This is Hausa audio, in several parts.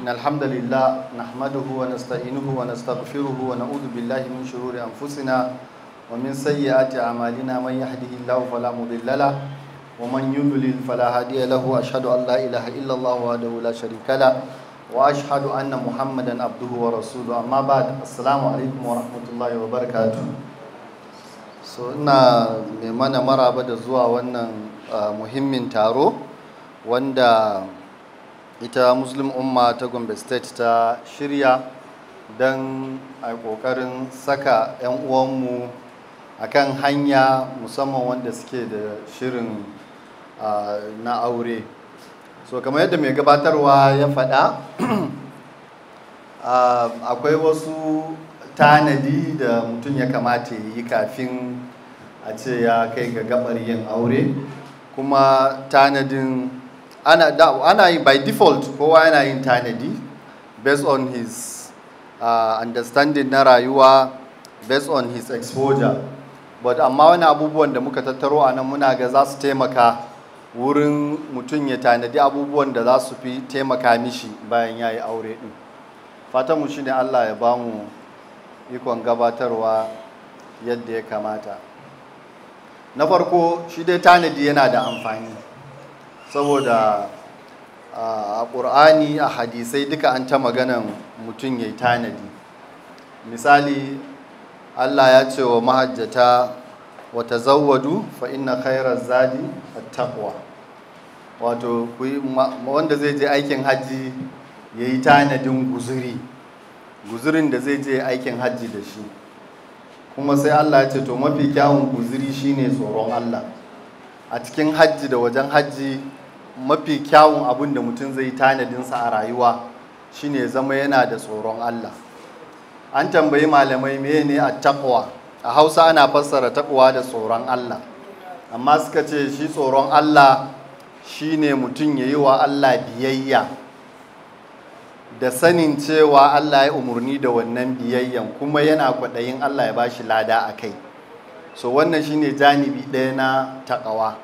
إن الحمد لله نحمده ونستعينه ونستغفره ونعوذ بالله من شرور أنفسنا ومن سيئات أعمالنا من يهده الله فلا مضل له ومن يضلل فلا هادي له وأشهد أن لا إله إلا الله وحده لا شريك له وأشهد أن محمدا عبده ورسوله أما بعد السلام عليكم ورحمة الله وبركاته so ina mai mana maraba da zuwa wannan muhimmin taro wanda ita muslim umma ta gombe state ta shirya don a kokarin saka 'yan uwanmu a kan hanya musamman wanda suke da shirin na aure so kamar yadda mai gabatarwa ya faɗa akwai wasu tanadi da mutum ya kamata yi kafin a ce ya kai ga gabar yin aure kuma tanadin ana da ana yi by default kowa yana yin tanadi based on his uh, understanding na rayuwa based on his exposure but amma wani abubuwan da muka tattaro a nan muna ga za su taimaka wurin mutum ya tanadi abubuwan da za su fi taimaka mishi bayan ya yi aure din. fatanmu shi ne allah ya ba mu ikon gabatarwa yadda ya kamata na farko shi dai tanadi yana da amfani saboda a ƙur'ani a hadisai duka an ta maganan mutum ya yi tanadi misali allah ya ce wa mahajjata wata zawadu fa ina khairar zadi a takwa wato wanda zai je aikin hajji ya yi tanadin guzuri guzurin da zai je aikin hajji da shi kuma sai allah ya ce to mafi kyawun guzuri shine tsoron allah a cikin hajji da wajen hajji mafi kyawun abin da mutum zai tanadinsa a rayuwa shine zama yana da tsoron Allah an tambayi malamai ne a takwa a hausa ana fassara takwa da tsoron Allah amma suka ce shi tsoron Allah shine mutum ya yi wa Allah biyayya da sanin cewa Allah ya umarni da wannan biyayyan kuma yana kwaɗayin Allah ya ba shi lada a kai so wannan shine janibi ɗaya na takawa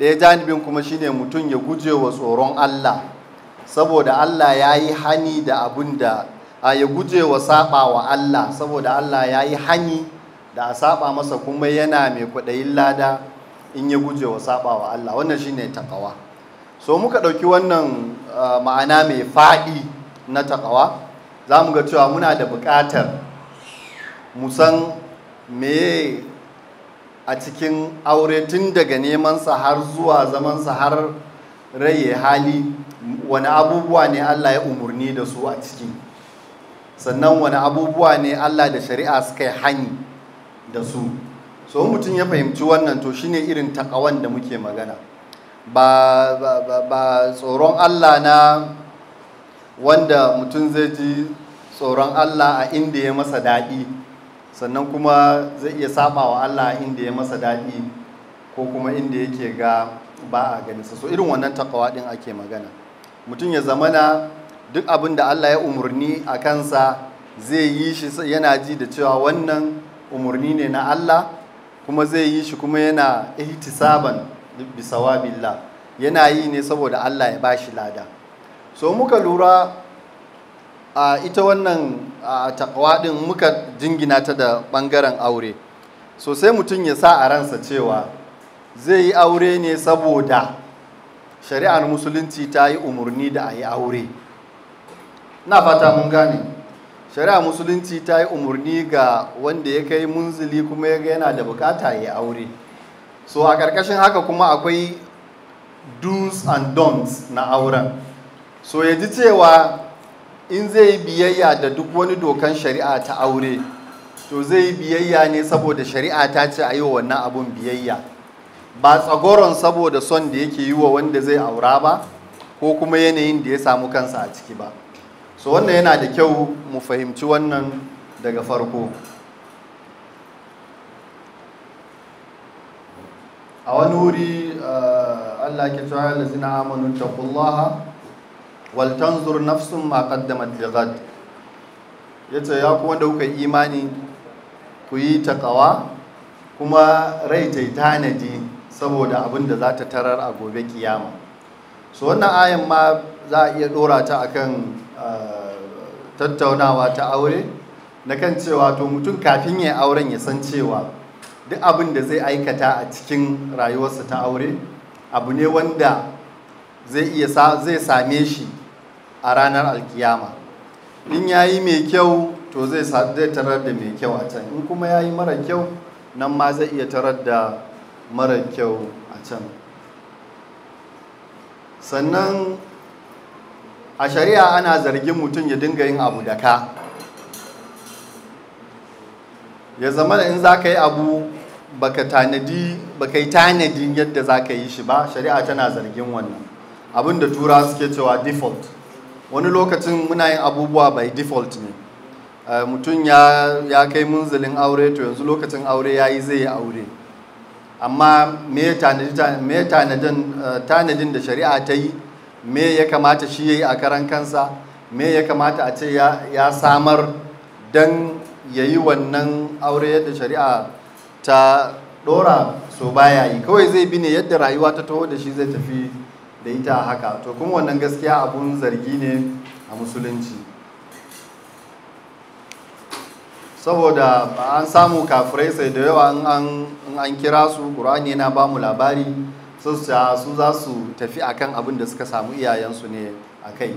ɗaya janibin kuma shine mutum ya guje wa tsoron Allah saboda Allah ya yi hani da abin da ya guje wa saba wa Allah saboda Allah ya yi hani da a saba masa kuma yana mai kwaɗayin lada in ya guje wa saba wa Allah wannan shine takawa so muka ɗauki wannan ma'ana mai faɗi na takawa za mu ga cewa muna da buƙatar mu san me a cikin aure tun daga nemansa har zuwa zaman sa har raye hali wani abubuwa ne Allah ya umarni da su a ciki sannan wani abubuwa ne Allah da shari'a suka yi hanyi da su so mutum ya fahimci wannan to shine irin takawan da muke magana ba tsoron Allah na wanda mutum zai ji tsoron Allah a inda ya masa daɗi sannan kuma zai iya saba wa Allah inda ya masa daɗi ko kuma inda yake ga ba a gani so irin wannan takawa din ake magana mutum ya zamana duk abin da Allah ya umarni a kansa zai yi shi yana ji da cewa wannan umarni ne na Allah kuma zai yi shi kuma yana ihtisaban bisawabillah yana yi ne saboda Allah ya bashi lada so muka lura a ita wannan takawa din muka jingina ta da ɓangaren aure Sosai mutum ya sa a ransa cewa zai yi aure ne saboda shari'ar musulunci ta yi umarni da a yi aure na fata mun gane shari'ar musulunci ta yi umarni ga wanda ya kai munzili kuma ya yana da bukata ya yi aure so a ƙarƙashin haka kuma akwai do's and don'ts na auren so ya ji cewa in zai yi biyayya da duk wani dokan shari'a ta aure to zai yi biyayya ne saboda shari'a ta ce a yi wa wannan abun biyayya ba tsagoron saboda son da yake yi wa wanda zai aura ba ko kuma yanayin da ya samu kansa a ciki ba so wannan yana da kyau mu fahimci wannan daga farko a wani wuri eh, allah ke cewa lazina amanu taqullaha waltanzur nafsun ma qaddamat lighad yace ya kuma da kuka imani ku yi takawa kuma rai ta tanadi saboda abin da za ta tarar a gobe kiyama so wannan ayan ma za a iya dora ta akan tattaunawa ta aure na kan cewa to mutum kafin ya auren ya san cewa duk abin da zai aikata a cikin rayuwarsa ta aure abu ne wanda zai iya zai same shi a ranar alkiyama in ya yi mai kyau to zai tarar da mai kyau a can in kuma ya yi mara kyau nan ma zai iya tarar da mara kyau a can sannan a shari'a ana zargin mutum ya dinga yin abu da ka ya zama da in za ka yi abu baka tanadi yi tanadi yadda za ka yi shi ba shari'a tana zargin wannan abin da tura suke cewa default wani lokacin muna yin abubuwa by default ne eh, mutum ya kai munzalin aure to yanzu lokacin aure ya yi zai yi aure amma me eh, tanadin da shari'a ta yi me ya kamata shi ya yi a karan kansa me ya kamata a ce ya samar don ya yi wannan aure yadda shari'a ta dora so baya yi kawai zai bi ne yadda rayuwa ta taho da shi zai tafi da ita haka to kuma wannan gaskiya abun zargi ne a musulunci saboda ba an samu kafirai sai da yawa in an kira su ƙur'ani yana ba mu labari su za su tafi akan abin da suka samu iyayensu ne a kai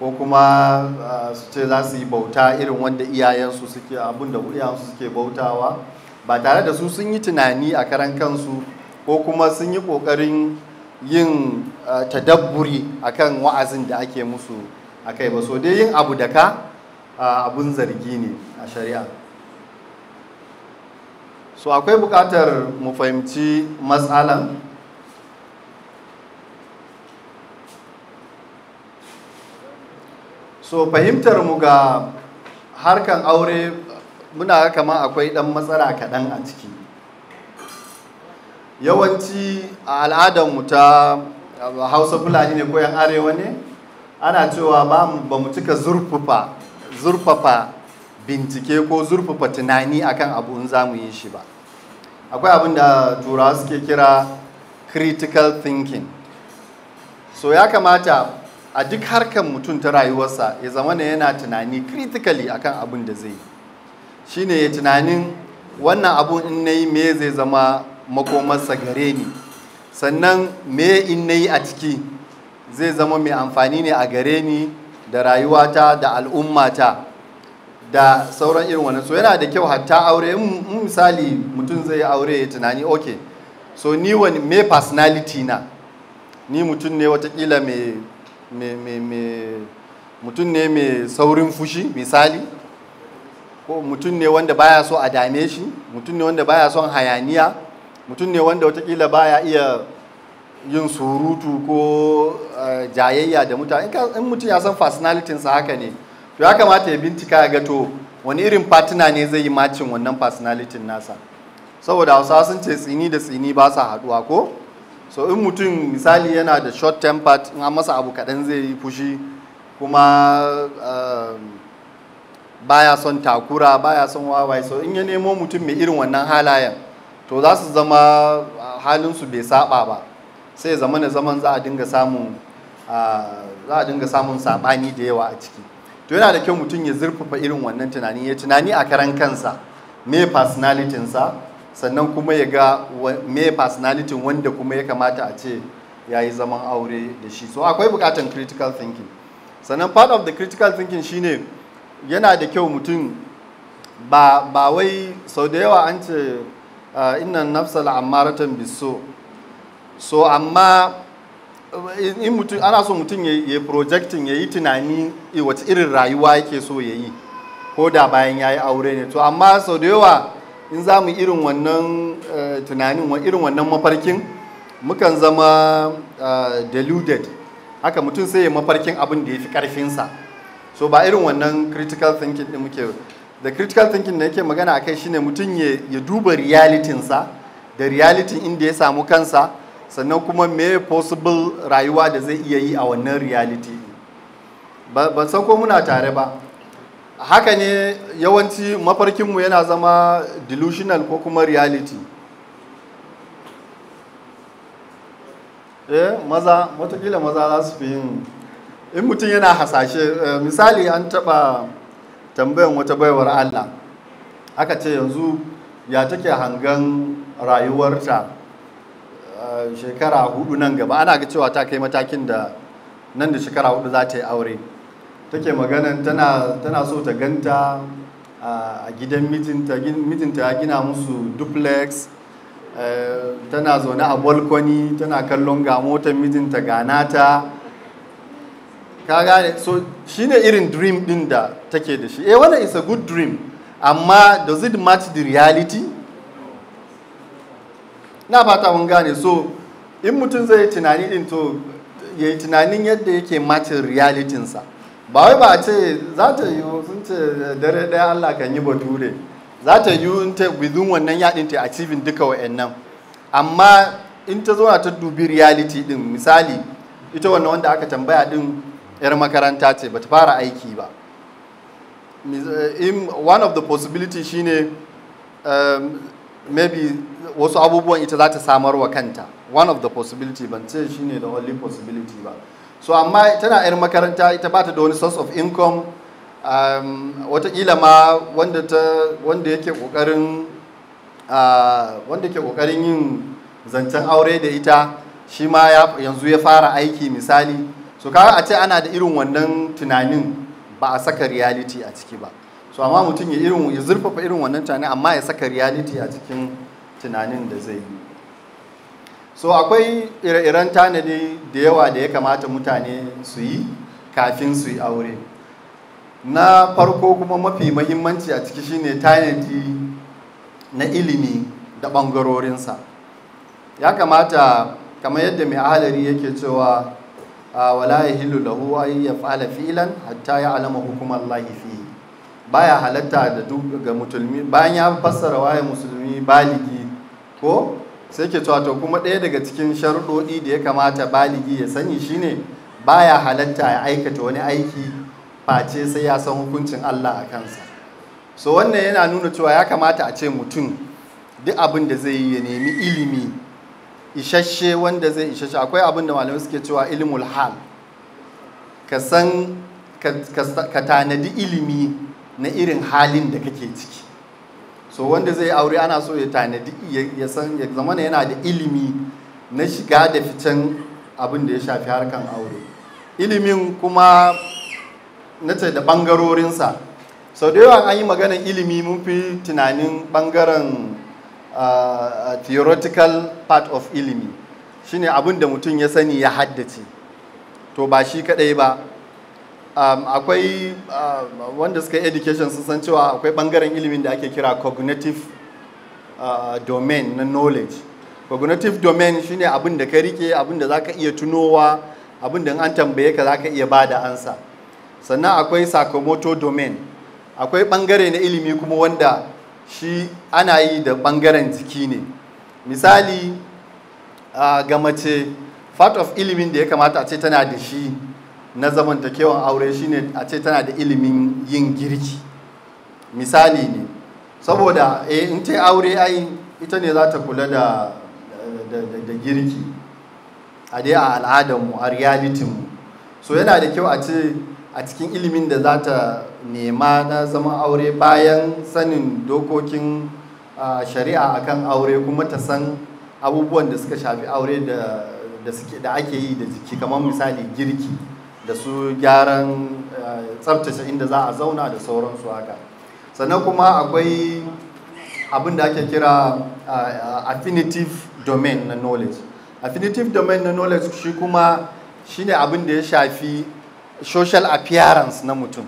ko kuma su ce za su yi bauta irin wanda iyayensu suke abin da iyayensu suke bautawa ba tare da su sun yi tunani a karan kansu ko kuma sun yi ƙoƙarin yin eh, tadabburi akan wa'azin da ake musu akai ba so dai yin abu da ka abun zargi ne a shari'a so akwai bukatar mu fahimci matsalan so fahimtar mu ga harkan aure muna kama akwai dan matsala kaɗan a ciki yawanci a al'adarmu ta hausa fulani ne ko yan arewa ne ana cewa ba mu cika zurfafa zurfafa bincike ko zurfafa tunani akan abu in za mu yi shi ba akwai abin da turawa suke kira critical thinking so ya kamata a duk harkar mutum ta rayuwarsa ya zama na yana tunani critically akan abin da zai yi shine ya tunanin wannan abun in na yi me zai zama makomarsa gare ni sannan me in na yi a ciki zai zama mai amfani ne a gare ni da rayuwata da al'ummata da sauran irin wannan so yana da kyau hatta aure in misali mutum zai aure ya tunani oke so ni wani me personality na ni mutum ne watakila mai mutum ne mai saurin fushi misali ko mutum ne wanda baya so a dame shi mutum ne wanda baya son hayaniya mutum ne wanda watakila baya iya yin surutu ko eh, jayayya da mutane in mutum ya san sa haka ne to ya kamata ya bincika ga to wani irin fatina ne zai yi macin wannan fasinalitin nasa saboda hausa sun ce tsini da tsini ba sa haɗuwa ko so in mutum misali yana da short tempered in masa abu kaɗan zai yi fushi kuma eh, baya son takura baya son wawaye so in ya nemo mutum mai irin wannan halayen to za su zama halinsu bai saba ba sai zama na zaman za a dinga samun za a dinga samun sabani da yawa a ciki to yana da kyau mutum ya zurfafa irin wannan tunani ya tunani a karan kansa me sa sannan kuma ya ga me personality wanda kuma ya kamata a ce ya yi zaman aure da shi so akwai bukatan critical thinking sannan part of the critical thinking shine yana da kyau mutum ba wai sau da yawa an ce innan nafsal ammaratan biso so amma in mutum ana so mutum ya projecting ya yi tunani eh, wata irin rayuwa yake so ya yi ko da bayan ya yi aure ne to amma sau da yawa in za mu irin wannan eh, tunanin irin wannan mafarkin mukan zama eh, deluded haka mutum sai ya mafarkin abin da ya fi karfinsa so ba irin wannan critical thinking din muke da critical thinking da yake magana a kai shine mutum ya duba realitinsa da realitin inda ya samu kansa sannan kuma me possible rayuwa da zai iya yi a wannan reality ba san muna tare ba haka ne yawanci mafarkinmu yana zama delusional ko kuma reality eh maza watakila maza za su fi yin in mutum yana hasashe eh, misali an taba tambayan wata baiwar Allah aka ce yanzu ya take hangan rayuwarta eh, shekara hudu nan gaba ana ga cewa ta kai matakin da nan da shekara hudu za ta yi aure take magana, tana so ta ganta eh, a gidan mijinta ya gina musu duplex eh, tana zaune a balkoni tana kallon ga motar mijinta ganata ka gane so shine irin dream din da take da shi eh wannan is a good dream amma does it match the reality na fata mun gane so in mutum zai tunani din to ya yi tunanin yadda yake matin realitinsa ba wai ba ce za ta yi sun ce dare daya Allah kan yi bature za ta yi in ta within wannan yadin ta achieving duka wa'annan amma in ta zo ta dubi reality din misali ita wannan wanda aka tambaya din 'yar makaranta ce bata fara aiki ba eh, one of the possibility shine um, maybe wasu abubuwan ita za ta samar wa kanta one of the possibility ban ce shine the only possibility ba so amma tana 'yar makaranta ita ba ta da wani source of income um, watakila ma wanda, ta, wanda yake kokarin uh, ah, wanda yake kokarin yin zancen aure da ita shi ma yanzu ya fara aiki misali so kaga a ce ana da irin wannan tunanin ba a saka reality a ciki ba so amma mutum ya irin ya zurfafa irin wannan tunanin amma ya saka reality a cikin tunanin da zai yi so akwai ire-iren tanadi da yawa da ya kamata mutane su yi kafin su yi aure na farko kuma mafi mahimmanci a ciki shine tanadi na ilimi da ɓangarorinsa ya kamata kamar yadda mai ahalari yake cewa Ah, wala ya yahillu lahu ya fa'ala fi'lan hatta alama hukum Allah fihi baya halatta da duk ga musulmi bayan ya fassara waye musulmi baligi ko sai ke cewa to kuma ɗaya daga cikin sharuɗoɗi da ya kamata baligi ya sani shine baya halatta ya aikata wani aiki face sai ya san hukuncin Allah a kansa so wannan yana nuna cewa ya kamata a ce mutum duk abin da zai yi ya nemi ilimi isasshe wanda zai isasshe akwai abin da malamai suke cewa ilimul hal ka san ka tanadi ilimi na irin halin da kake ciki so wanda zai aure ana so ya tanadi ya san ya zama yana da ilimi na shiga da ficen abin da ya shafi harkan aure ilimin kuma na ce da bangarorinsa sau da yawan an yi maganar ilimi mun fi tunanin bangaren. theoretical part of ilimi shine abin da mutum ya sani ya haddace to ba shi kaɗai ba um, akwai um, wanda suka yi education sun san cewa akwai bangaren ilimin da ake kira cognitive uh, domain na knowledge cognitive domain shine abin da ka rike abin da za ka iya tunowa abin da an tambaye ka za ka iya ba da ansa sannan akwai sakamoto domain akwai bangare na ilimi kuma wanda shi ana yi da ɓangaren jiki ne misali ga mace part of ilimin da ya kamata a ce tana da shi na zamantakewan aure shine a ce tana da ilimin yin girki misali ne saboda e in ta aure ai ita ne za ta kula da girki a dai a al'adarmu a realitinmu so yana da kyau a ce a cikin ilimin da za ta nema na zaman aure bayan sanin dokokin shari'a akan aure kuma ta san abubuwan da suka shafi aure da ake yi da jiki kamar misali girki da su gyaran tsabtace inda za a zauna da sauransu haka sannan kuma akwai abin da ake kira affinitive domain na knowledge affinitive domain na knowledge shi kuma shine abin da ya shafi social appearance na mutum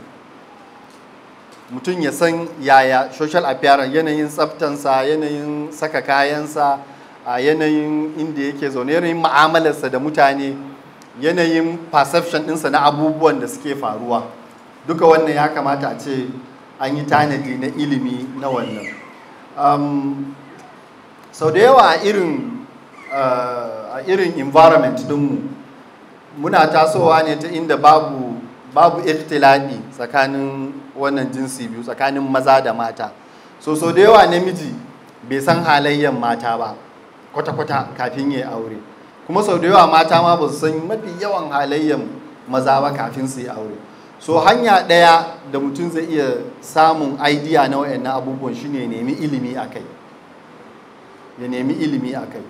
mutum ya san yaya social appearance yanayin tsaftansa yanayin saka kayansa a yanayin inda yake zaune yanayin ma'amalarsa da mutane yanayin perception ɗinsa na abubuwan da suke faruwa duka wannan ya kamata a ce an yi tanadi na ilimi na wannan sau da yawa a irin a irin environment dinmu muna tasowa ne ta inda babu babu tsakanin wannan jinsi biyu tsakanin maza da mata so so da yawa namiji bai san halayyar mata ba kwata-kwata kafin ya aure kuma sau da yawa mata ma ba su san mafi yawan halayyar maza ba kafin su yi aure so hanya ɗaya da mutum zai iya samun idea na wayannan abubuwan shine ya nemi ilimi a kai ya nemi ilimi a kai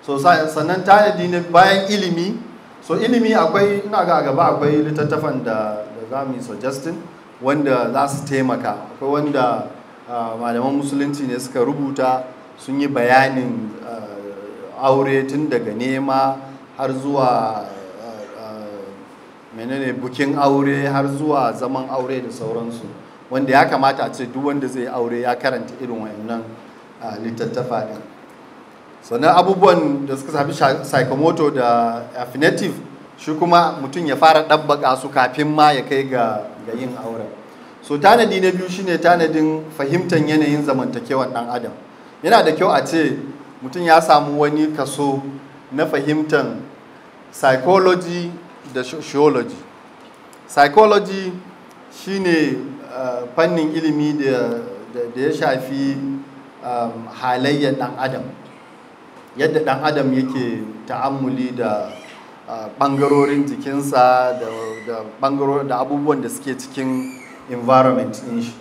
so sannan tanadi bayan ilimi so ilimi akwai ina ga gaba akwai littattafan da za mu suggestin wanda za su taimaka akwai wanda malaman musulunci ne suka rubuta sun yi bayanin aure tun daga nema har zuwa menene bukin aure har zuwa zaman aure da sauransu wanda ya kamata a ce duk wanda zai aure ya karanta irin wayannan littattafa ɗin sannan abubuwan da suka shafi psychomotor da affinative shi kuma mutum ya fara ɗabbaka su kafin ma ya kai ga yin auren so tanadi na biyu shine tanadin fahimtar yanayin zamantakewan ɗan adam yana da kyau a ce mutum ya samu wani kaso na fahimtar psychology da sociology psychology shine eh, fannin ilimi da ya shafi eh, halayyar ɗan adam yadda ɗan adam yake ta'ammuli da ɓangarorin jikinsa da abubuwan da suke cikin environment ɗin shi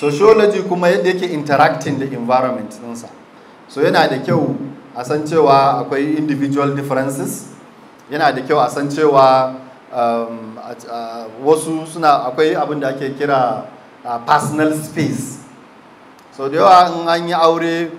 sociology kuma yadda yake interacting da environment ɗinsa so yana da kyau a san cewa akwai individual differences yana da kyau a san cewa um, wasu suna akwai abin da ake kira personal space so da yawa in an yi aure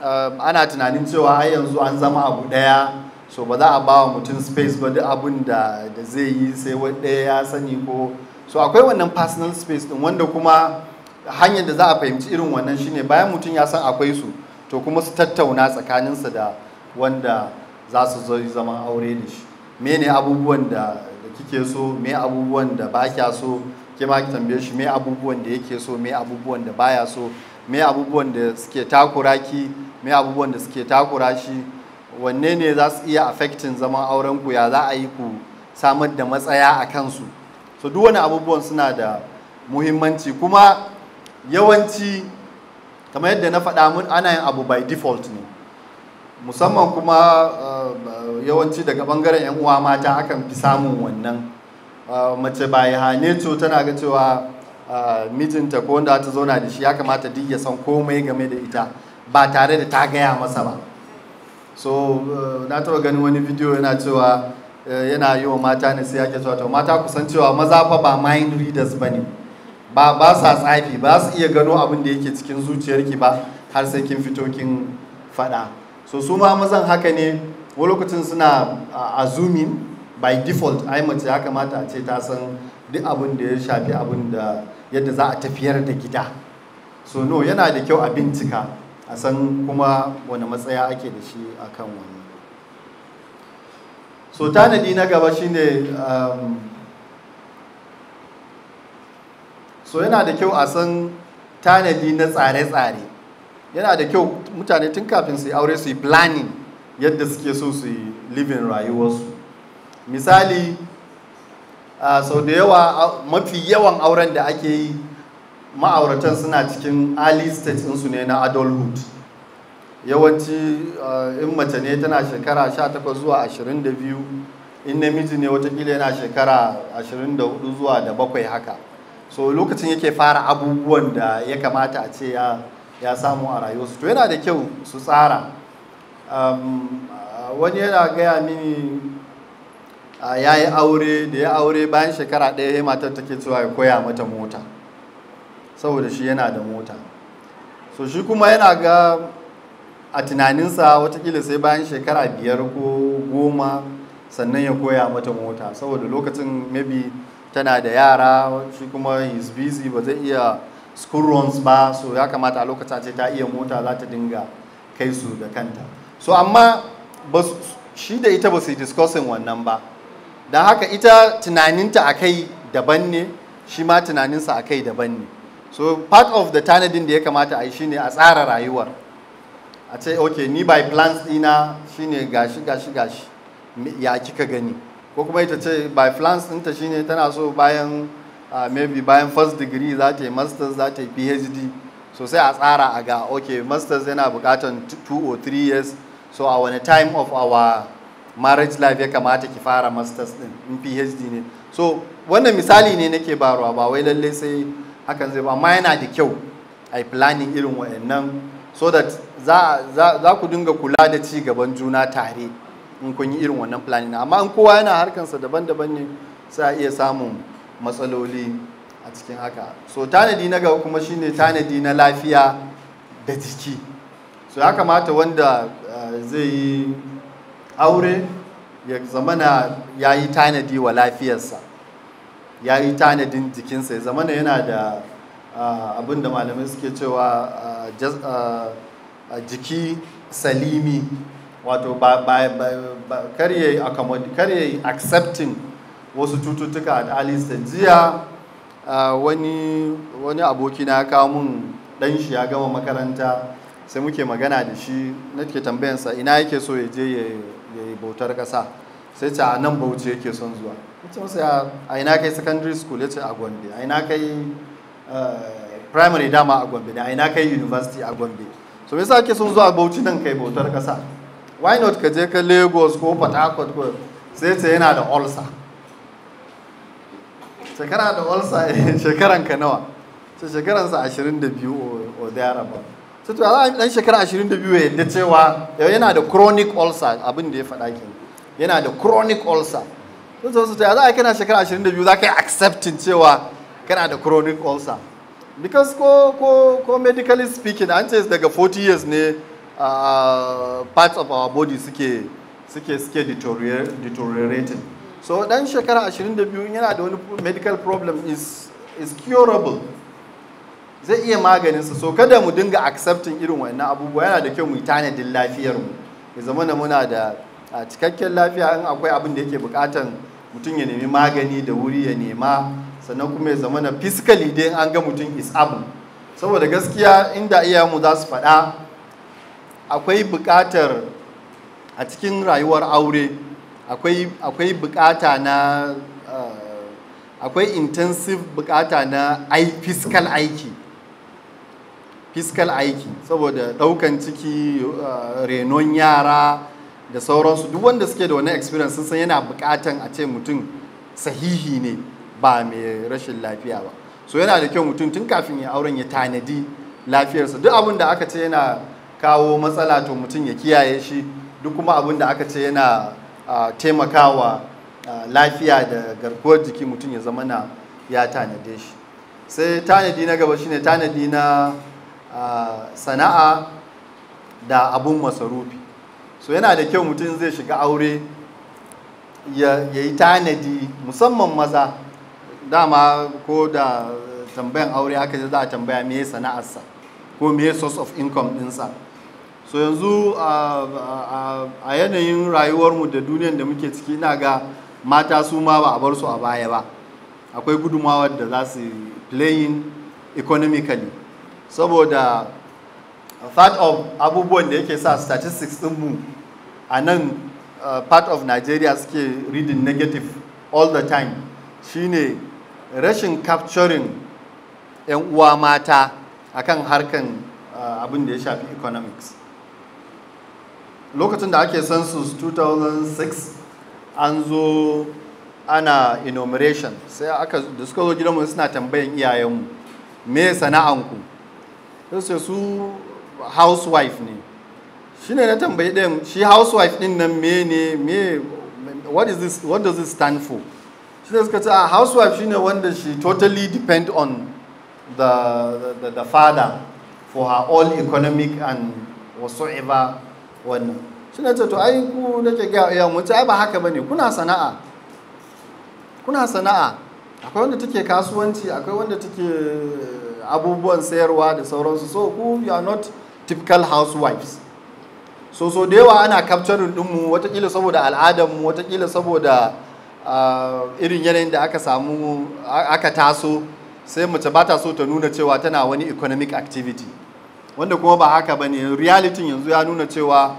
Um, ana tunanin cewa har yanzu an zama abu daya so ba za a ba wa mutum space ba duk abin da zai yi sai ɗaya ya sani ko so akwai wannan personal space ɗin wanda kuma hanyar da za a fahimci irin wannan shine bayan mutum ya san akwai su to kuma su tattauna tsakaninsa da wanda za su zo zaman aure da shi ne abubuwan da kike so me abubuwan da ba kya so ke ma tambaye shi me abubuwan da yake so me abubuwan da baya so me abubuwan da suke takura ki me abubuwan da suke takura shi wanne ne za su iya affecting zaman auren ku ya za a yi ku samar da matsaya a kansu so duk wani abubuwan suna da muhimmanci kuma yawanci kamar yadda na faɗa mun ana yin abu by default ne musamman kuma eh, yawanci daga bangaren 'yan uwa mata akan fi samun wannan eh, mace bai to tana ga cewa eh, mijinta ko wanda ta zauna da shi ya kamata duk ya san komai game da ita ba tare da ta gaya masa ba so eh, na taɓa ganin wani bidiyo yana cewa eh, yana yi wa mata ne sai ake cewa to mata kusan cewa maza fa ba mind readers ba ne ba ba sa tsafi ba su iya gano abin da yake cikin zuciyarki ba har sai kin fito kin faɗa so su ma mazan haka ne wani lokacin suna assuming by default ai mace ya kamata a ce ta san duk abin da ya shafi abin da yadda za a tafiyar da gida so no yana da kyau a bincika a san kuma wani matsaya ake da shi a kan wani so tanadi na gaba shi ne, um, so yana da kyau a san tanadi na tsare-tsare yana da kyau mutane tun kafin su yi aure su yi planning yadda suke so su yi living rayuwarsu misali uh, sau da yawa mafi yawan auren da ake yi ma'auratan suna cikin early stage su ne na adulthood yawanci eh, in mace ne tana shekara 18 zuwa 22 in namiji ne watakila yana shekara 24 zuwa da bakwai haka so lokacin yake fara abubuwan da ya kamata a ce ya samu a rayuwarsu to yana da kyau su tsara um, wani yana gaya mini ah, ya yi aure da ya aure bayan shekara ɗaya ya matar take cewa ya koya mata mota saboda shi yana da mota so shi kuma yana ga a tunaninsa watakila sai bayan shekara biyar ko goma sannan ya koya mata mota saboda lokacin maybe tana da yara shi kuma is busy ba zai iya school runs ba so ya kamata a lokacin ce ta iya mota za ta dinga kai su da kanta so amma shi da ita ba su yi discussing wannan ba don haka ita tunaninta a kai daban ne shi ma tunaninsa a kai daban ne so part of the tanadin da ya kamata a yi shine a tsara rayuwar a ce ok ni by plans dina shine gashi gashi gashi ya kika gani ko kuma ita ce by plans ɗinta shine tana so bayan uh, maybe bayan first degree za ta yi masters za ta yi phd so sai a tsara a ga ok masters yana bukatan 2 or 3 years so a wani time of our marriage life ya kamata ki fara masters din in phd ne so wannan misali ne nake barwa ba wai lallai sai hakan zai ba amma yana da kyau a yi planin irin wa'annan so that za ku dinga kula da ci gaban juna tare in kun yi irin wannan planning amma in kowa yana harkansa daban-daban ne sai a iya samun matsaloli a cikin haka so tanadi na gaba kuma shine tanadi na lafiya da jiki so ya kamata wanda eh, zai yi aure ya zamana ya yi tanadi wa lafiyarsa ya yi tanadin jikinsa ya zama yana da abin da malamai suke cewa jiki salimi wato karye accepting wasu cututtuka a alistan jiya wani abokina aboki na kawo mun dan shi ya gama makaranta sai muke magana da shi na ke tambayansa ina yake so ya je ya yi bautar ƙasa sai ta nan bauchi yake son zuwa ce wasu a ina kai secondary school ya ce a gombe a ina kai eh, primary dama a gombe ne a ina kai university a gombe so me yasa ake son zuwa bauchi nan kai bautar kasa why not ka je ka lagos ko port harcourt ko sai ce yana da ulcer shekara da ulcer eh, shekaran ka nawa ce shekaran sa 22 o dara ba sai to a dan shekara 22 ya yadda cewa eh, yana da chronic ulcer abin da ya faɗa ke yana da chronic ulcer sun so su ta za a yi kana shekara 22 za ka yi accepting cewa kana da chronic ulcer because ko ko ko medically speaking an ce daga 40 years ne uh, parts of our body suke suke suke deteriorating so dan shekara 22 yana da wani medical problem is is curable zai iya maganin sa so kada mu dinga accepting irin wannan abubuwa yana da kyau mu yi tanadin mu ya zama na muna da uh, cikakken lafiya in akwai abin da yake bukatan mutum ya nemi magani da wuri ya nema sannan kuma ya zama na fiskali dai an ga mutum is abu saboda gaskiya inda iyayenmu za su faɗa akwai buƙatar a cikin rayuwar aure akwai buƙata na eh, akwai intensive bukata na fiskal aiki fiskal aiki saboda ɗaukan ciki eh, renon yara da sauransu duk wanda suke da wani experience sun san yana bukatan a ce mutum sahihi ne ba mai rashin lafiya ba so yana da kyau mutum tun kafin ya auren ya tanadi lafiyarsa duk abin da aka ce yana kawo matsala to mutum ya kiyaye shi duk kuma abin da aka ce yana taimakawa lafiya da garkuwar jiki mutum ya zama na ya tanade shi sai tanadi na gaba shine tanadi na sana'a da abun masarufi so yana da kyau mutum zai shiga aure ya yi tanadi musamman maza dama ko da tambayan aure aka yi za a tambaya me sana'arsa ko me source of income dinsa so yanzu a yanayin rayuwarmu da duniyar da muke ciki na ga mata su ma ba a bar su a baya ba akwai gudunmawar da za su playing economically saboda part of abubuwan da yake sa statistics mu a nan uh, part of nigeria suke reading negative all the time shine rashin capturing 'yan uwa mata akan harkan uh, abin da ya shafi economics lokacin da ake census 2006 an zo ana enumeration sai aka da suka zo gidanmu suna tambayan iyayenmu me sana'anku sai su housewife ne shi ne na tambayi ɗin shi housewife ɗin nan me ne me what is this what does this stand for shi ne suka ce a ah, housewife ne wanda she totally depend on the, the, the father for her all economic and whatsoever wannan shi ne ce to ai ku ke gaya ya mutu ai ba haka ne kuna sana'a kuna sana'a akwai wanda take kasuwanci akwai wanda take abubuwan sayarwa da sauransu so ku you are not typical housewives so so da yawa ana capturing ɗinmu watakila saboda al'adarmu watakila saboda ah, irin yanayin da aka samu aka taso sai mace ba ta so ta nuna cewa tana wani economic activity wanda kuma ba haka ba ne reality yanzu ya nuna cewa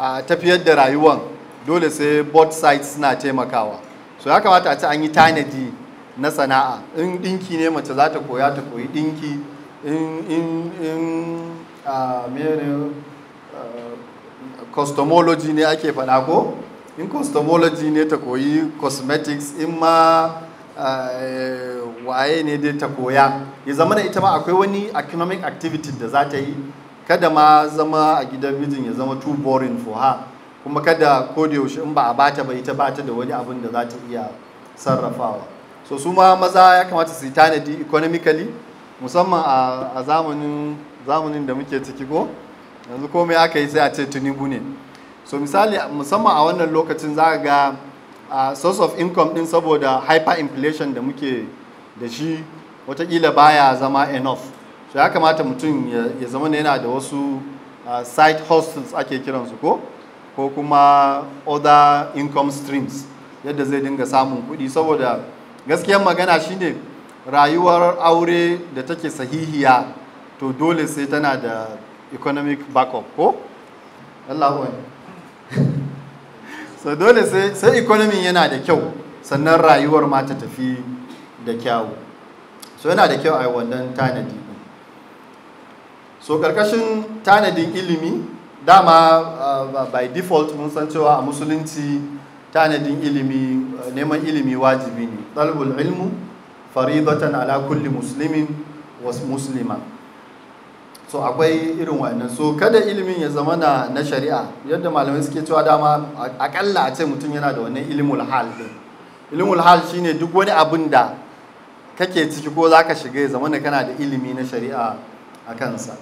ah, tafiyar da rayuwan dole sai both sides suna taimakawa so ya kamata a ci an yi tanadi na sana'a in dinki ne mace za ta koya ta koyi dinki in a cosmetology ne ake faɗa ko in cosmetology ne ta koyi cosmetics in ma waye ne dai ta koya ya zama da ita ma akwai wani economic activity da za ta yi kada ma zama a gidan mijin ya zama too boring for her kuma kada yaushe in ba a bata ba ita bata da wani abin da za ta iya sarrafawa so su ma maza ya kamata su yi tanadi economically musamman a zamanin zamanin da muke ciki ko yanzu komai aka yi sai a ce tunibu ne so misali musamman a wannan lokacin za ga uh, source of income din saboda hyperinflation da muke da shi watakila baya zama enough so ya kamata mutum ya zama yana da wasu uh, side hustles ake kiransu ko ko kuma other income streams yadda zai dinga samun kuɗi saboda gaskiyar magana shine rayuwar aure da take sahihiya to dole sai tana da economic backup ko? Allah wani so dole sai economy yana da kyau sannan rayuwar ma ta tafi da kyawu so yana da kyau a yi wannan tanadi so karkashin tanadin ilimi dama ah, by default mun san cewa a musulunci tanadin ilimi neman ilimi wajibi ne ɗalbul ilmu faridatan ala kulli muslimin was muslima so akwai irin wannan so kada ilimin ya zama na, na shari'a yadda malamai suke cewa dama akalla a ce mutum yana da wannan ilimul hal din ilimul hal shine duk wani abin da kake ciki ko zaka shiga ya zama kana da ilimi na shari'a a kansa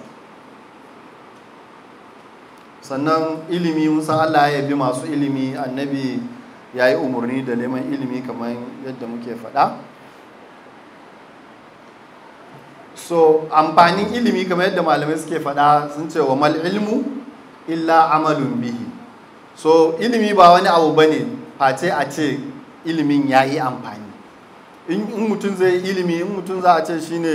sannan ilimi musan Allah ya bi masu ilimi annabi ya yi umarni da neman ilimi kamar yadda muke faɗa so amfanin ilimi kamar yadda malamai suke fada sun ce wa mal ilmu illa amalun bihi so ilimi ba wani abu bane face a ce ilimin ya yi amfani in mutum zai yi ilimi in mutum za a ce shine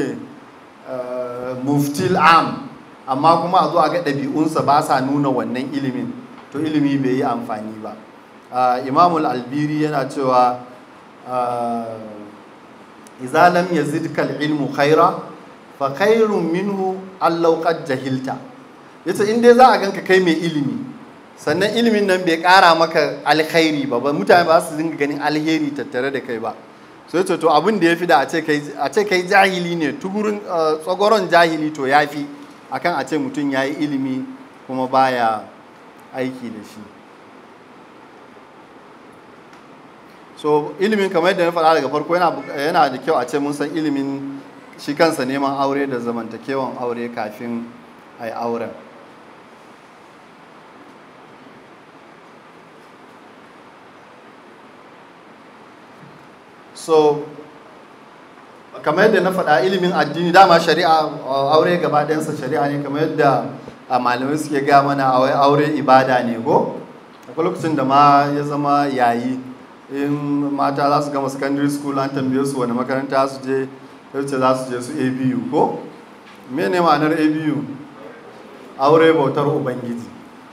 eh, muftil am amma kuma a zo a ga ɗabi'unsa ba sa nuna wannan ilimin to ilimi bai yi amfani ba ah, imamul albiri yana cewa ah, izalam yazidkal ilmu khaira fa khairun minhu allau qad jahilta yace in dai za a ganka kai mai ilimi sannan ilimin nan bai kara maka alkhairi ba ba mutane ba su dinga ganin alheri tattare da kai ba so yace to abin da yafi da a ce kai a jahili ne tugurin eh, tsogoron jahili to yafi akan a ce mutum yayi ilimi kuma baya aiki da shi so ilimin kamar yadda na faɗa daga farko yana da kyau a ce mun san ilimin shi kansa neman aure da zamantakewan aure kafin a yi auren so kamar yadda na faɗa ilimin addini dama shari'a aure gaba ɗayansa shari'a ne kamar yadda malamai suke ga mana a aure ibada ne ko akwai lokacin da ma ya zama yayi in mata za su gama secondary school an tambaye su wani makaranta su je yauce za su je su abu ko mene ma'anar abu aure bautar ubangiji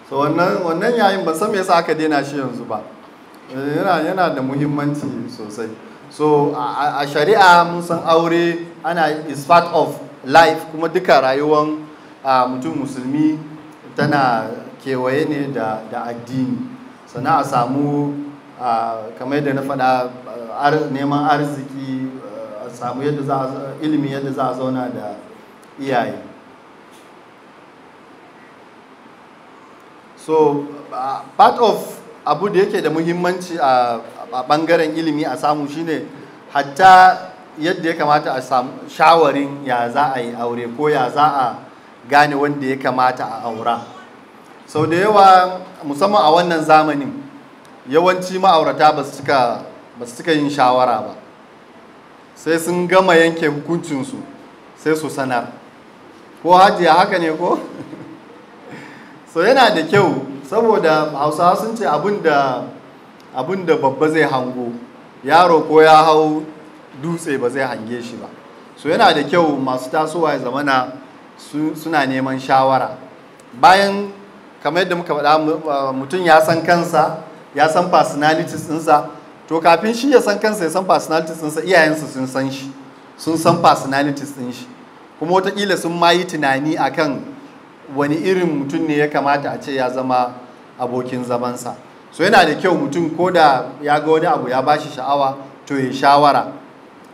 so wannan yayin ba san me yasa aka daina shi yanzu ba eh, yana da muhimmanci sosai so a shari'a mun san aure ana is part of life kuma duka rayuwar mutum musulmi tana kewaye ne da addini sannan a samu kamar da na faɗa neman arziki samu yadda za a ilimi yadda za a zauna da iyaye so part of abu da yake da muhimmanci a bangaren ilimi a samu shine hatta yadda ya kamata a samu shawarin ya za a yi aure ko ya za a gane wanda ya kamata a aura sau da yawa musamman a wannan zamanin yawanci ma'aurata ba su cika yin shawara ba sai sun gama yanke hukuncinsu sai su sanar ko hajiya haka ne ko so yana da kyau saboda hausawa sun ce abin da babba zai hango yaro ko ya hau dutse ba zai hange shi ba so yana da kyau masu tasowa ya zamana suna neman shawara bayan kamar yadda muka faɗa mutum ya san kansa ya san personalities ɗinsa to kafin shi ya san kansa ya san personalities sa iyayensa sun san shi sun san personalities ɗin shi kuma watakila sun ma yi tunani akan wani irin mutum ne ya kamata a ce ya zama abokin zamansa so yana da kyau mutum ko da ya ga wani abu ya bashi sha'awa to ya shawara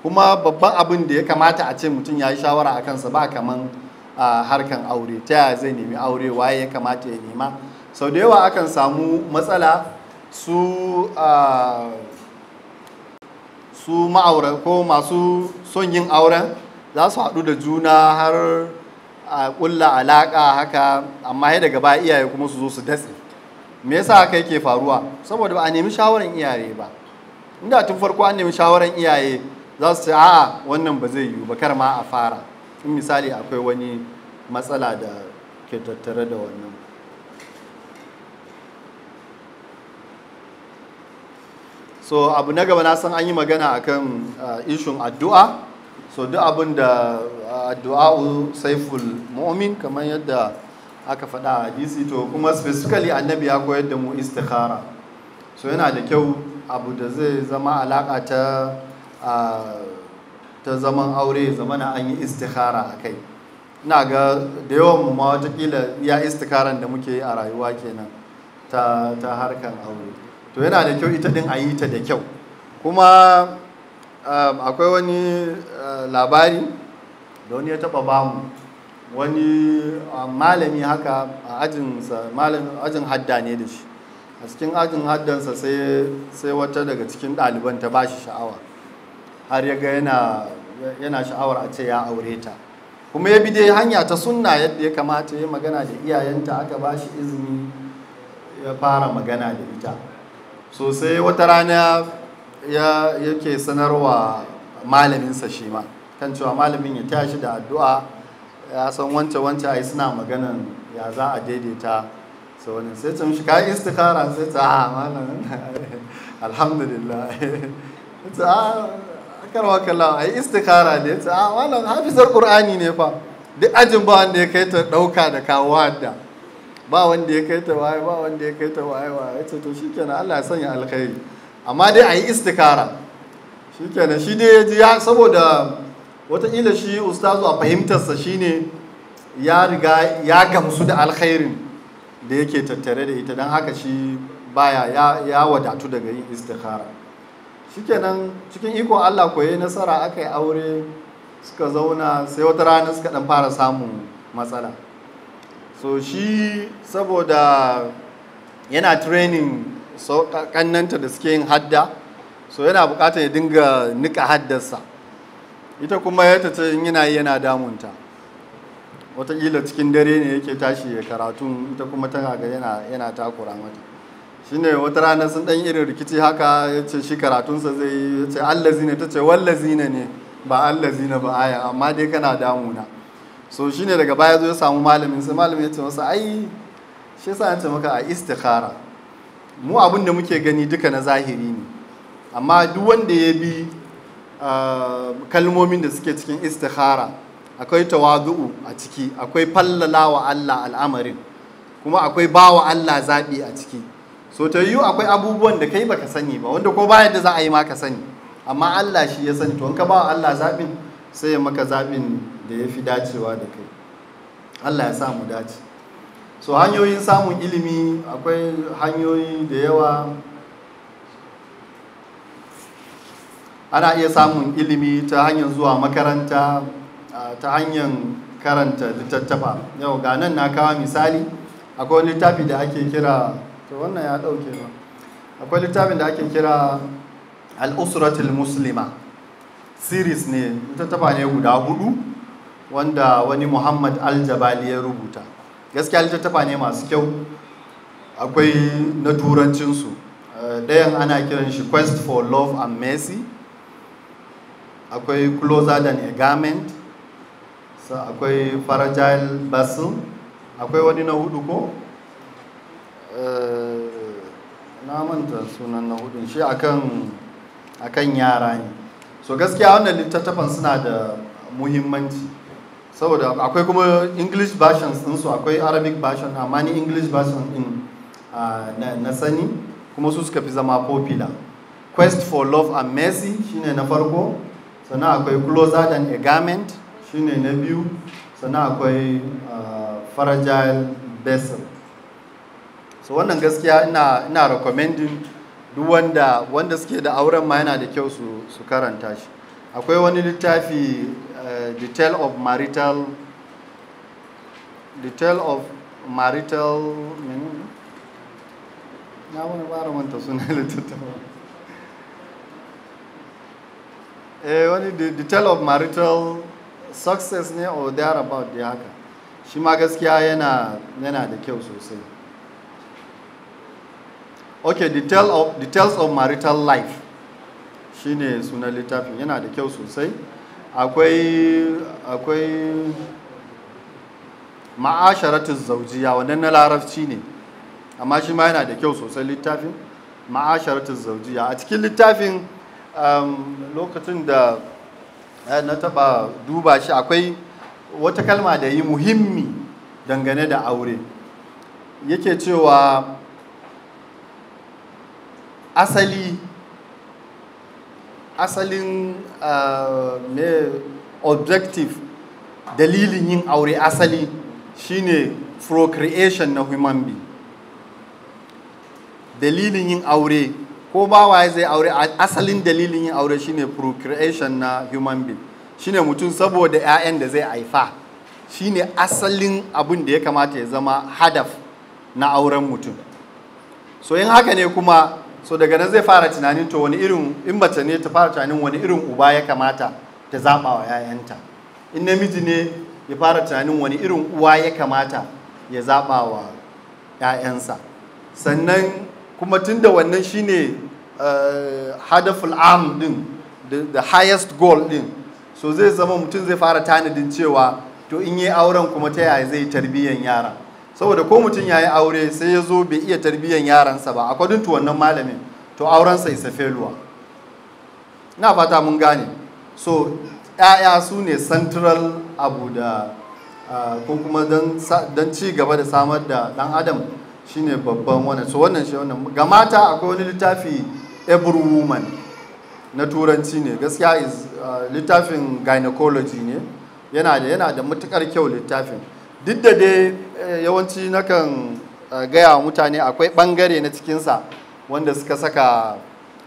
kuma babban abin da ya kamata a ce mutum ya yi shawara a kansa ba kaman harkan aure ta yaya zai nemi aure waye ya kamata ya nema sau da yawa akan samu matsala su su ma'auran ko masu son yin auren za su haɗu da juna har a ƙulla alaƙa haka amma sai daga baya iyaye kuma su zo su datse me yasa haka yake faruwa saboda ba a nemi shawaran iyaye ba inda tun farko an nemi shawaran iyaye za su ce a'a wannan ba zai yiwu ba kar ma a fara in misali akwai wani matsala da ke tattare da wannan so abu na gaba na san an yi magana akan uh, ishun addu'a so duk abin da uh, addu'a'u saiful mu'min kamar yadda aka faɗa a hadisi to kuma specifically annabi ya koyar da mu istikhara so yana da kyau abu da zai zama alaka uh, ta zaman aure zama na an yi istikhara a kai na ga da yawan mu ma watakila ya istikharan da muke yi a rayuwa kenan ta harkar aure to yana da kyau ita din a yi ta da kyau kuma um, akwai wani uh, labari da wani ya taba bamu wani um, malami haka a ajinsa ajin hadda ne da shi a cikin ajin haddansa sai wata daga cikin ɗaliban ta ba shi sha'awa har ya ga yana sha'awar a ce ya aure ta kuma ya bi dai hanya ta sunna yadda ya kamata ya magana da iyayenta aka ba shi izini ya fara magana da ita sosai wata rana ya yake sanarwa malaminsa shi ma kan cewa malamin ya tashi da addu'a ya san wance wance ai suna maganan ya za a daidaita sai ce shi ka istikara sai ta ha ah, malamin alhamdulillah ta a ah, karwa kallon ai istikara ne ta a ah, malamin hafizar qur'ani ne fa duk ajin ba wanda ya kai ta dauka da kawo hadda ba wanda ya kai ta waye ba wanda ya kai ta waye waye ce to shikenan Allah ya sanya alkhairi amma dai ayi yi istikara shikenan shi dai ya ji ya saboda wataƙila shi ustazu a fahimtarsa shine ya riga ya gamsu da alkhairin da yake tattare da ita don haka shi baya ya, ya wadatu daga yin istikhara shikenan cikin ikon Allah koye nasara aka yi aure suka zauna sai wata rana suka dan fara samun matsala so shi saboda yana training so, kannanta da suke yin hadda so yana bukatar ya dinga nika haddarsa ita kuma ya tace yana yi yana damunta wataƙila cikin dare ne yake tashi ya karatu ita kuma ta ga yana, yana takura mata shine wata rana sun ɗan irin rikici haka ya ce shi karatunsa zai yi ya ce allazina ta ce wallazina ne ba allazina ba aya amma dai kana damuna so ne daga baya zo ya samu malamin sai malamin ya ce masa ai shi yasa an ce maka a istikhara mu abin da muke gani duka na zahiri ne amma duk wanda ya bi ah, kalmomin da suke cikin istikhara akwai tawadu'u a ciki akwai fallala wa Allah al'amarin kuma akwai bawa Allah zaɓi a ciki so ta yiwu akwai abubuwan da kai baka sani ba wanda ko bayan da za a yi maka sani amma Allah shi ya sani to in ka ba Allah zaɓin sai ya maka zaɓin da ya fi dacewa da kai allah ya samu dace so hanyoyin samun ilimi akwai hanyoyi da yawa ana iya samun ilimi ta hanyar zuwa makaranta ta hanyar karanta littattafa yau ga nan na kawo misali akwai wani littafi da ake kira to wannan ya dauke ba akwai littafin da ake kira al'usratul muslima series ne littattafa ne guda hudu wanda wani muhammad aljabali ya rubuta gaskiya littattafa ne masu kyau akwai na turancinsu eh, ɗayan ana kiran shi quest for love and mercy akwai closer than a garment akwai fragile basil akwai wani na hudu ko eh, na manta sunan na hudun shi akan akan yara ne so gaskiya wannan littattafan suna da muhimmanci saboda akwai kuma english versions su akwai arabic version amma ni english version na sani kuma su suka fi zama popular quest for love and mercy shine na farko sannan akwai closer than a garment shine na biyu sannan akwai fragile vessel so wannan gaskiya ina ina recommending duk wanda wanda suke da auren ma yana da kyau su karanta shi akwai wani littafi Uh, the detail of marital detail of marital na wani bara manta suna littattafa eh wani detail of marital success ne or about the haka shi ma gaskiya yana yana da kyau sosai okay tale of details of marital life shine sunan littafin yana da kyau sosai akwai akwai ma'asharatu zaujiya wannan na larabci ne amma shi ma yana da kyau sosai littafin ma'asharatu zaujiya a cikin littafin um, lokacin da eh, na taba duba shi akwai wata kalma da yi muhimmi dangane da aure yake cewa asali asalin ah, objective dalilin yin aure asali shine procreation na human being dalilin yin aure ko bawaye zai aure asalin dalilin yin aure shine procreation na human being shine mutum saboda 'ya'yan da zai haifa shine asalin abin da ya kamata ya zama hadaf na auren mutum so yin haka ne kuma so daga nan zai fara tunanin to wani irin in mace ne ta fara tunanin wani irin uba ya kamata ta zaɓa wa 'ya'yanta in namiji ne ya fara tunanin wani irin uwa ya kamata ya zaɓa wa 'ya'yansa sannan kuma tun da wannan shine ne eh, hadaful arm din the highest goal din so zai zama mutum zai fara tanadin cewa to in yi auren kuma ta yaya zai tarbiyyan yaran saboda ko mutum ya yi aure sai ya zo bai iya tarbiyyar yaransa ba a kwadinta wannan malamin to aurensa isa feluwa na fata mun gane so ‘ya'ya su ne central abu da ko kuma don ci gaba da samar da ɗan adam shine babban wannan so wannan shi wannan ga mata akwai wani littafi every woman na turanci ne gaskiya is littafin gynecology ne yana da yana da matukar kyau littafin duk da dai eh, yawanci nakan eh, gaya wa mutane akwai bangare na cikinsa wanda suka saka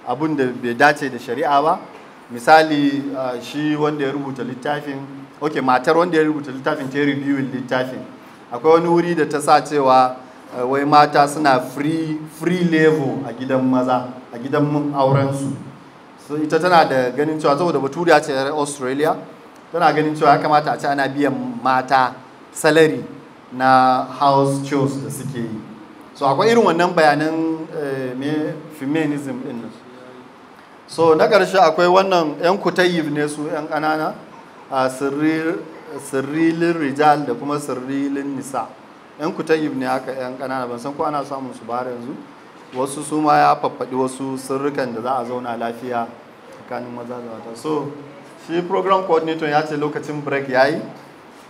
abun da bai dace da shari'a ba misali eh, shi wanda ya rubuta littafin ok matar wanda ya rubuta littafin ta reviewing littafin akwai wani wuri da ta sa cewa wai mata suna free, level a gidan maza a gidan aurensu so ita tana da ganin cewa saboda baturiya ce australia tana ganin cewa ya kamata a ce ana biyan mata salari na house shows da suke yi so akwai irin wannan bayanan eh, feminism din nan so na ƙarshe akwai wannan 'yan kutayyib ne su 'yan ƙanana a sirrilin rijal da kuma sirrilin nisa 'yan kutayyib ne haka 'yan kanana ban san ko ana samun su ba yanzu wasu su ma ya faffaɗi wasu sirrukan da za a zauna lafiya tsakanin maza da mata so shi program coordinator ya ce lokacin break ya yi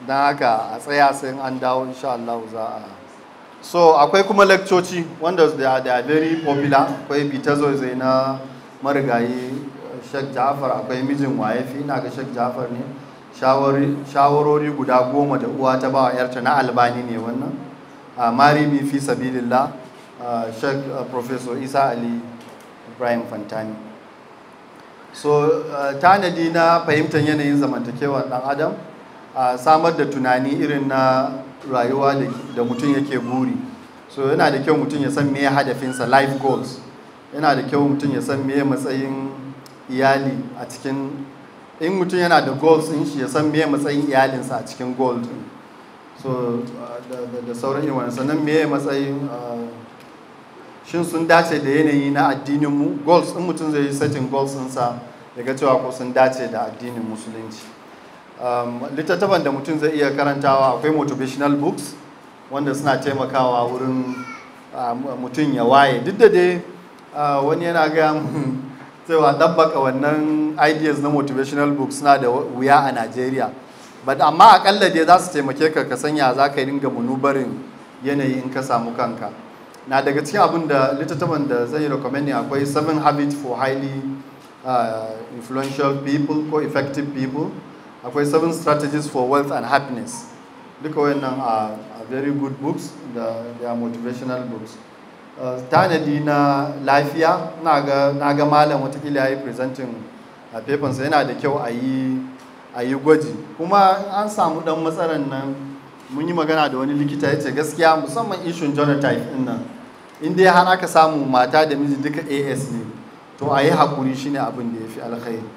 don haka a tsaya sai an dawo insha Allah za a so akwai kuma lekcoci wanda da are very popular akwai bitazo zai na marigayi eh, shek Ja'far akwai mijin fi ina ga shek Ja'far ne shawarori guda goma da uwa ta bawa yarta na albani ne wannan a ah, maribi fi sabilillah ah, Shek eh, Professor Isa Ali Ibrahim Fantani so eh, tanadi na fahimtar yanayin zamantakewar dan adam a samar da tunani irin na rayuwa da mutum yake buri so yana da kyau mutum ya san meye hadafinsa life goals yana da kyau mutum ya san meye matsayin iyali a cikin in mutum yana da goals in shi ya san meye matsayin iyalinsa a cikin goal din so da sauran irin wani sannan meye matsayin shin sun dace da yanayi na addininmu goals in mutum zai yi setting goals ɗinsa daga cewa ko sun dace da addinin musulunci Um, littattafan da mutum zai iya karantawa akwai motivational books wanda suna taimakawa wurin um, mutum ya waye duk da dai uh, wani yana gaya mun cewa ɗabbaka wannan ideas na motivational books suna da wuya a najeriya but amma akalla dai za su taimake ka ka sanya za ka yi dinga munubarin yanayi in ka samu kanka na daga cikin abin da littattafan da zai yi recommend akwai seven habits for highly uh, influential people ko effective people akwai seven strategies for wealth and happiness duka wayannan a very good books da they are motivational books uh, tanadi na lafiya na ga malam watakila ya yi presenting a papersa yana da kyau a yi a yi gwaji kuma an samu dan matsalan nan mun yi magana da wani likita ya ce gaskiya musamman ishun genotype din nan in dai har aka samu mata da miji duka as ne to a yi haƙuri shine abin da ya fi alkhairi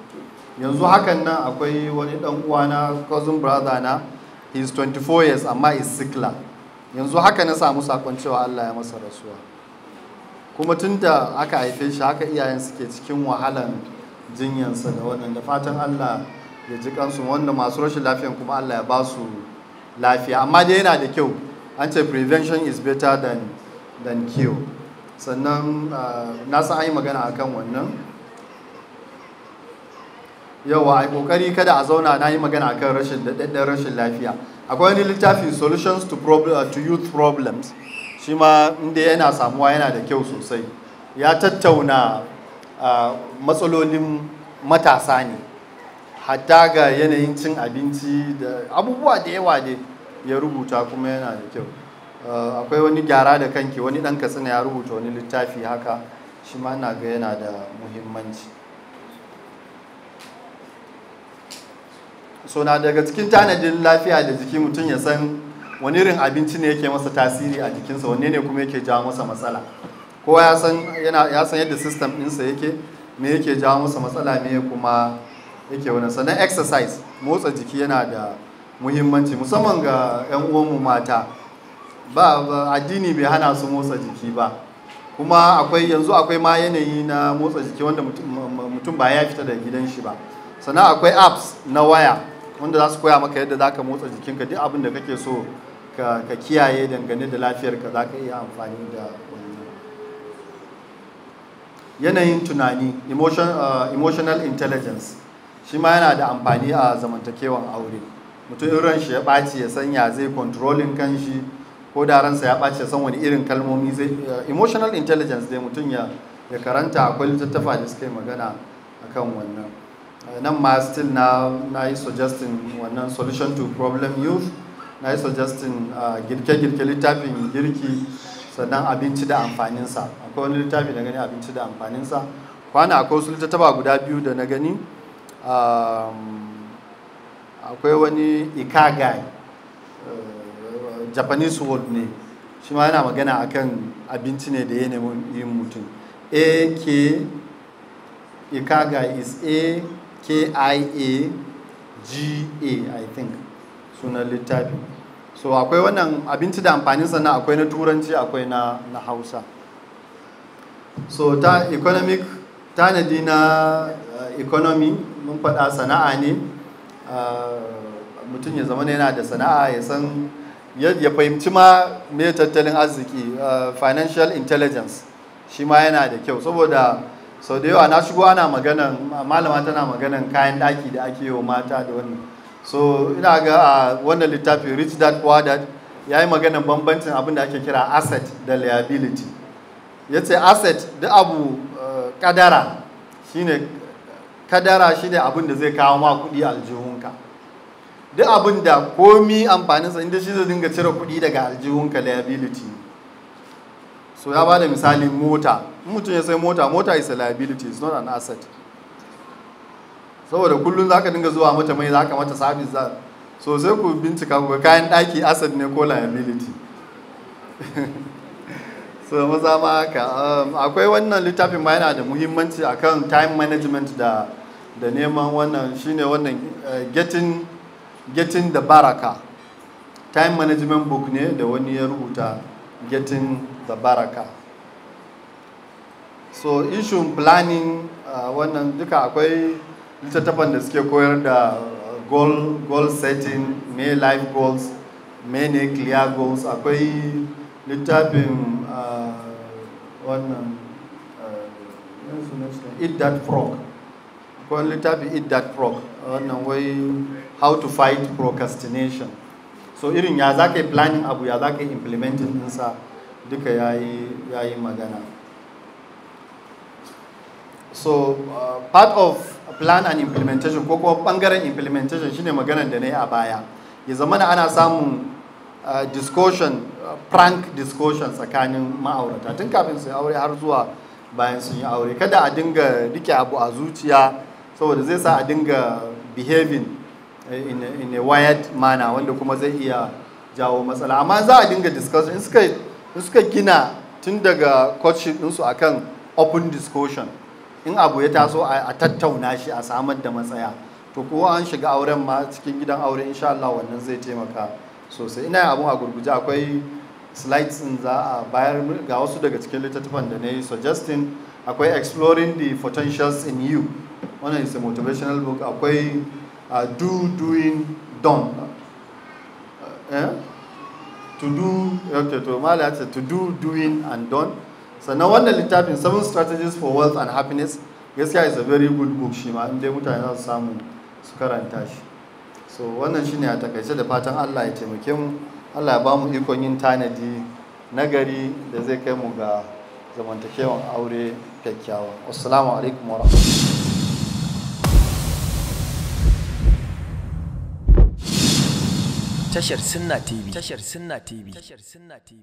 yanzu hakan nan akwai wani dan uwana cousin brother na he is 24 years amma is sickla yanzu haka na samu sakon cewa Allah ya masa rasuwa kuma tunda aka haife shi haka iyayen suke cikin wahalan jinyansa da wannan fatan Allah ya ji kansu wanda masu rashin lafiyan kuma Allah ya ba su lafiya amma dai yana da kyau an ce prevention is better than than cure sannan ah, na san an yi magana akan wannan yawa a kokari kada a zauna na yi magana kan rashin daɗaɗɗen rashin lafiya akwai wani littafi solutions to, problem, uh, to youth problems shi ma inda yana samuwa yana da kyau sosai ya tattauna uh, matsalolin matasa ne hatta ga yanayin cin abinci da abubuwa da yawa ne ya rubuta kuma yana da kyau uh, akwai wani gyara da kanki wani ɗan katsina ya rubuta wani littafi haka shi ma na ga yana da muhimmanci so na daga cikin tanadin lafiya da jiki mutum ya san wani irin abinci ne yake masa tasiri a jikinsa wanne ne kuma yake jawo masa matsala kowa ya san ya san yadda system ɗinsa yake me yake jawo masa matsala me kuma yake wani sannan exercise motsa jiki yana da muhimmanci musamman ga 'yan uwanmu mata ba addini bai hana su motsa jiki ba kuma akwai yanzu akwai ma yanayi na motsa jiki wanda mutum ba ya fita da gidan shi ba sannan akwai apps na waya wanda za su koya maka yadda za ka motsa jikinka duk abin da kake so ka kiyaye dangane da lafiyarka za ka iya amfani da wannan yanayin tunani uh, emotional intelligence shi ma yana da amfani a zamantakewan aure mutum in ranshi ya ɓaci ya sanya zai controlling kan shi ko da ransa ya ɓaci ya san wani irin kalmomi zai uh, emotional intelligence dai mutum ya karanta akwai littattafa da suka yi magana akan wannan nan ma still na na yi suggesting wannan solution to problem youth na yi suggesting girke-girke littafin girki sannan abinci da amfaninsa akwai wani littafi da gani abinci da amfaninsa kwana akwai wasu littattaba guda biyu da na gani akwai wani ikagai eh, japanese word ne shi ma yana magana akan abinci ne da ya mutum a ikagai is a Kia i a g a i think sunan littafi so akwai wannan abinci da amfanin sannan akwai na turanci akwai na, na hausa so ta economic tanadi na uh, economy mun faɗa sana'a ne eh, mutum ya zama yana da sana'a ya san ya fahimci ma me tattalin arziki eh, financial intelligence shi ma yana da kyau saboda sau da yawa na shigo ana maganan malama tana maganan kayan ɗaki da ake yi wa mata da wannan so ina ga a wannan littafi rich dad poor dad ya yi maganan bambancin abin da ake kira asset da liability ya ce asset da abu eh, kadara shine kadara shine abin da zai kawo ma kuɗi aljihunka duk abin da komi amfaninsa inda shi zai dinga cire kuɗi daga aljihunka liability so ya bada misali mota mutum ya sai mota mota is a liability it's not an asset saboda kullum za ka dinga zuwa mata mai za ka mata sabis za so sai ku bincika ku kayan daki asset ne ko liability so maza ma haka um, akwai wannan littafin ma yana da muhimmanci akan time management da da neman wannan shine wannan eh, getting getting the baraka time management book ne da wani ya rubuta getting da baraka so ishun planning uh, wannan duka akwai littattafan da suke koyar da uh, goal, goal setting may life goals may ne clear goals akwai littafin uh, wannan eat that frog akwai littafin eat that frog wannan wai how to fight procrastination so irin ya za ka yi planning abu ya za ka yi implementing ɗinsa duka ya yi magana so uh, part of plan and implementation ko kuma bangaren implementation shine maganar da na yi a baya ya zama zamana ana samun uh, discussion frank uh, discussion tsakanin ma'aurata tun kafin su aure har zuwa bayan sun yi aure kada a dinga rike abu a zuciya saboda zai sa a dinga behaving in a, in a wired manner wanda kuma zai iya jawo matsala amma za a dinga discussion in suka suka gina tun daga courtship ɗinsu akan open discussion in abu ya taso a tattauna shi a samar da matsaya to ko an shiga auren ma cikin gidan aure insha Allah wannan zai taimaka sosai ina abun a gurguje akwai slides in za a bayar ga wasu daga cikin littattafan da na yi suggesting akwai exploring the potentials in you wannan is a motivational book akwai uh, do doing done eh? to do okay to mali ce to do doing and done sannan wannan littafin seven strategies for wealth and happiness gaskiya is a very good book shi ma inda mutane za su samu su karanta shi so wannan shine a takaice da fatan Allah ya taimake mu Allah ya ba mu ikon yin tanadi na gari da zai kai mu ga zamantakewan aure kyakkyawa assalamu alaikum wa tashar Sunna TV tashar Sunna TV tashar Sunna TV